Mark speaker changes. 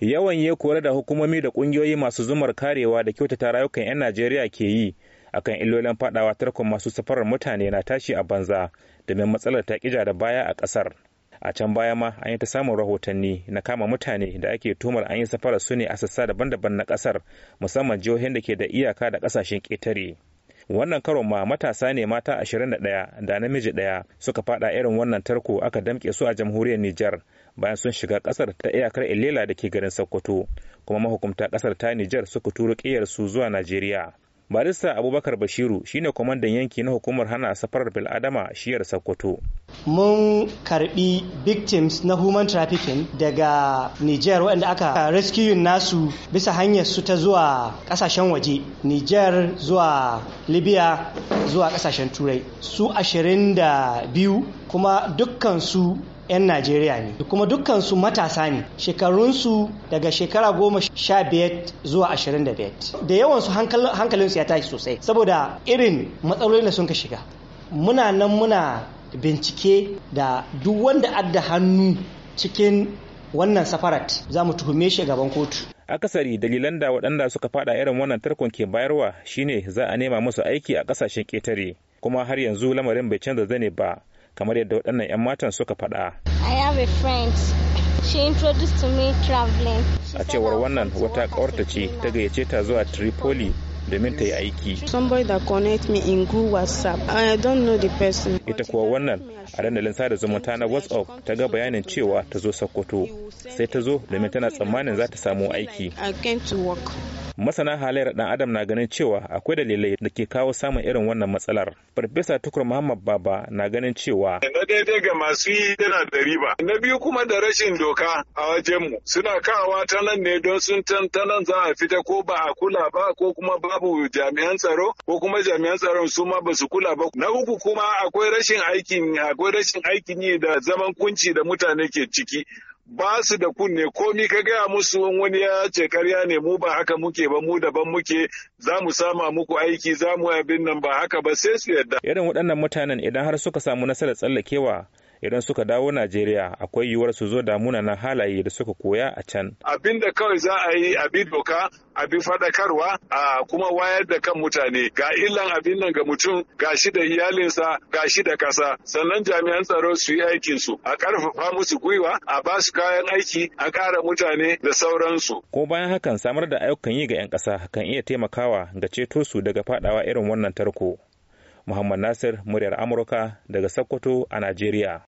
Speaker 1: yawan ya kore da hukumomi da kungiyoyi masu zumar karewa da kyautata rayukan 'yan najeriya ke yi akan illolin fadawa tarkon masu safarar mutane na tashi a banza domin matsalar ta kija da baya a kasar a can baya ma an yi ta samun rahotanni na kama mutane da ake tumar an yi safarar su ne a sassa daban-daban na kasar musamman jihohin da ke da iyaka da kasashen ƙetare wannan karon ma matasa ne mata 21 da namiji ɗaya suka fada irin wannan tarko aka damƙe su a jamhuriyar Nijar bayan sun shiga ƙasar ta iyakar Ilela da ke garin Sokoto kuma mahukumta ƙasar ta Nijar suka turo ƙiyar su zuwa Najeriya barista abubakar bashiru shine kwamandan yanki na hukumar hana safarar bil'adama shiyar sokoto
Speaker 2: mun karbi victims na human trafficking daga niger waɗanda aka rescue nasu bisa hanyar su ta zuwa kasashen waje niger zuwa libya zuwa kasashen turai su ashirin da biyu kuma dukkan su 'yan najeriya ne kuma dukkansu matasa ne shekarunsu daga shekara goma sha biyar zuwa ashirin da biyar da yawansu su ya tashi sosai saboda irin matsalolin da sun ka shiga muna nan muna bincike da duk wanda adda hannu cikin wannan safarat za mu tuhume shi gaban kotu
Speaker 1: akasari dalilan da waɗanda suka fada irin wannan tarkon ke bayarwa shine za a nema musu aiki a ƙasashen ƙetare kuma har yanzu lamarin bai canza zane ba kamar yadda waɗannan 'yan matan suka faɗa.
Speaker 2: I have a traveling.
Speaker 1: A cewar wannan wata ƙawarta ce ta gayyace ta zuwa Tripoli domin ta yi aiki. Somebody me in WhatsApp. I person. Ita kuwa wannan a dandalin sada zumunta na WhatsApp ta ga bayanin cewa ta zo Sokoto. Sai ta zo domin tana tsammanin za ta samu aiki.
Speaker 3: I to work.
Speaker 1: masana halayyar dan adam na ganin cewa akwai dalilai da ke kawo samun irin wannan matsalar farfesa tukur muhammad baba na ganin cewa
Speaker 3: na daidai ga masu yi yana da riba na biyu kuma da rashin doka a wajenmu suna kawa ta nan ne don sun tantanan za a fita ko ba a kula ba ko kuma babu jami'an tsaro ko kuma jami'an tsaro su ma ba su kula ba na uku kuma akwai rashin aikin akwai rashin aikin yi da zaman kunci da mutane ke ciki ba su da kunne komi ka gaya musu wani ya ce karya ne mu ba haka muke ba mu daban muke za mu sama muku aiki
Speaker 1: za mu abin nan ba haka ba sai su yadda irin waɗannan mutanen idan har suka samu nasarar tsallakewa idan suka dawo Najeriya akwai yiwuwar su zo da munanan halaye da suka koya a can. Abin
Speaker 3: da kawai za a yi a bi doka, a bi faɗakarwa, a kuma wayar da kan mutane ga illan abin nan ga mutum, ga shi da iyalinsa, ga shi da kasa. Sannan jami'an tsaro su yi aikin su, a ƙarfafa musu gwiwa, a ba su kayan aiki, a ƙara mutane da
Speaker 1: sauransu. Ko bayan hakan samar da ayyukan yi ga 'yan ƙasa kan iya taimakawa ga ceto su daga faɗawa irin wannan tarko. Muhammad Nasir, muryar Amurka daga Sokoto a Najeriya.